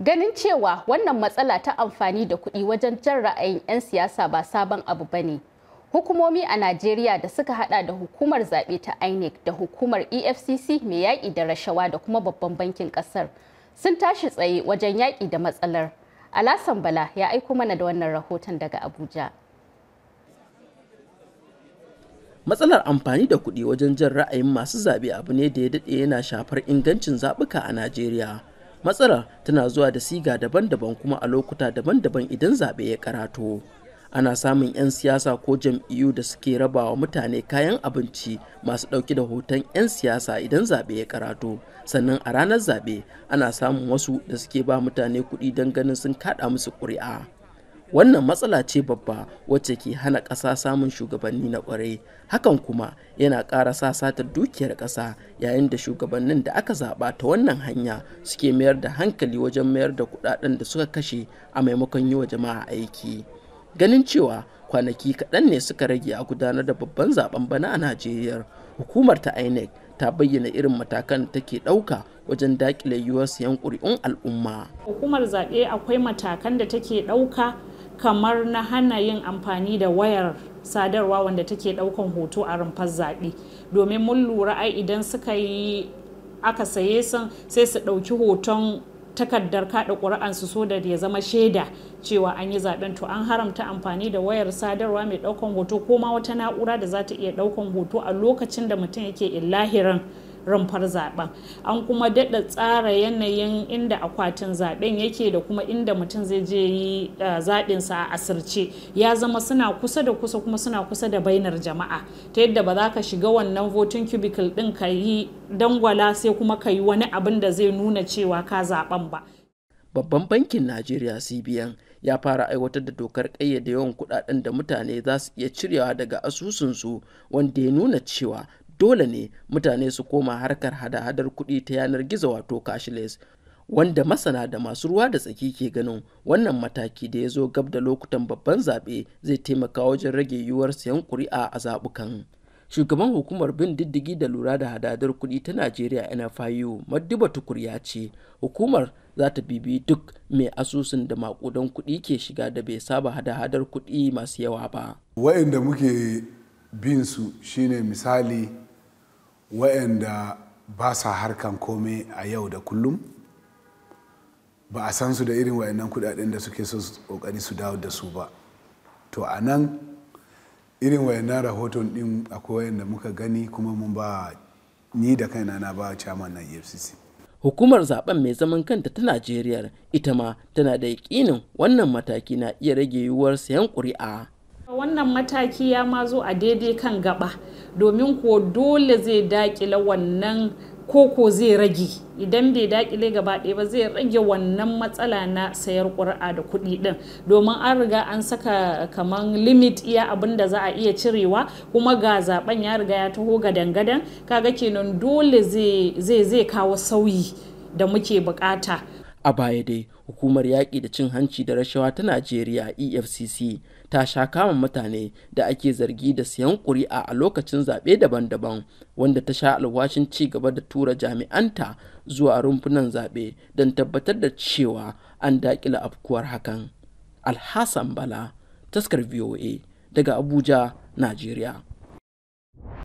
Ganin cewa wannan matsala ta amfani da kuɗi wajen jan ra'ayin 'yan siyasa ba sabon abu ba ne. Hukumomi a Najeriya da suka hada da hukumar zaɓe ta INEC da hukumar EFCC mai yaƙi da rashawa da kuma babban bankin ƙasar sun tashi tsaye wajen yaƙi da matsalar. Alasan Bala ya aiko mana da wannan rahoton daga Abuja. matsalar amfani da kuɗi wajen jan ra'ayin masu zaɓe abu ne da ya daɗe yana shafar ingancin zaɓuka a najeriya Matsala tana zuwa da siga daban-daban kuma a lokuta daban-daban idan zaɓe ya karatu. ana samun 'yan siyasa ko jam'iyyu da suke rabawa mutane kayan abinci masu ɗauki da hoton 'yan siyasa idan zaɓe ya karatu, sannan a ranar zaɓe ana samun wasu da suke ba mutane kuɗi don ganin sun kaɗa musu ƙuri'a wannan matsala ce babba wacce ke hana ƙasa samun shugabanni na ƙwarai hakan kuma yana ƙara sasatar dukiyar ƙasa yayin da shugabannin da aka zaɓa ta wannan hanya suke mayar da hankali wajen mayar da kuɗaɗen da suka kashe a maimakon yi wa jama'a aiki ganin cewa kwanaki kaɗan ne suka rage a gudanar da babban zaɓen bana a najeriya hukumar ta inec ta bayyana irin matakan da take ɗauka wajen daƙile yiwuwar siyan ƙuri'un al'umma hukumar zaɓe akwai matakan da take ɗauka kamar na hana yin amfani da wayar sadarwa wanda take daukan hoto a rumfar zaɓe domin mun lura ai idan suka yi aka saye sun sai su ɗauki hoton takardar kaɗa ƙuri'ansu so da ya zama shaida cewa an yi zaɓen to an haramta amfani da wayar sadarwa mai ɗaukan hoto ko ma wata na'ura da za ta iya ɗaukan hoto a lokacin da mutum yake illahiran rumfar zaɓen an kuma daɗa tsara yanayin inda akwatin zaɓen yake da kuma inda mutum zai je yi eh, zaɓinsa a asirce ya zama suna kusa da kusa kuma suna kusa da bainar jama'a ta yadda ba za ka shiga wannan voting cubicle ɗin ka yi dangwala sai kuma ka yi wani abin da zai nuna cewa ka zaɓen ba. Babban bankin Najeriya CBN ya fara aiwatar da dokar kayyade yawan kudaden da mutane za su iya cirewa daga asusunsu wanda ya nuna cewa dole ne mutane su koma harkar hada-hadar kuɗi ta yanar gizo wato cashless wanda masana da masu ruwa da tsaki ke ganin wannan mataki da ya zo gab da lokutan babban zaɓe zai taimaka wajen rage yiwuwar sayan ƙuri'a a zaɓukan. shugaban hukumar bin diddigi da lura da hadadar kuɗi ta najeriya nfiu madiba tukur ya ce hukumar za ta bibi duk mai asusun da makudan kuɗi ke shiga da bai saba hada-hadar kuɗi masu yawa ba waɗanda muke bin su shine misali wa'anda ba sa harkan komai a yau da kullum ba a san su da irin wa'annan kudaden da suke so su kokari su dawo da su ba to a nan irin wa'annan rahoton din akwai wa'anda muka gani kuma mun ba ni da kaina na ba chairman na efcc hukumar zaben mai zaman kanta ta najeriya ita ma tana da yakinin wannan mataki na iya rage yiwuwar sayan ƙuri'a wannan mataki ya ma zo a daidai kan gaba domin ko dole zai dakile wannan koko zai rage idan bai dakile gaba ɗaya ba zai rage wannan matsala na sayar ƙura'a da kuɗi ɗin domin an riga an saka kaman limit iya abin da za a iya cirewa kuma ga zaben ya riga ya taho gadan-gadan kaga kenan dole zai kawo sauyi da muke bukata. a baya dai hukumar yaƙi da cin hanci da rashawa ta najeriya efcc ta sha kama mutane da ake zargi da siyan ƙuri'a a lokacin zaɓe daban-daban wanda ta sha alwashin ci gaba da tura jami'anta zuwa rumfunan zaɓe don tabbatar da cewa an daƙila afkuwar hakan alhassan bala taskar voa daga abuja najeriya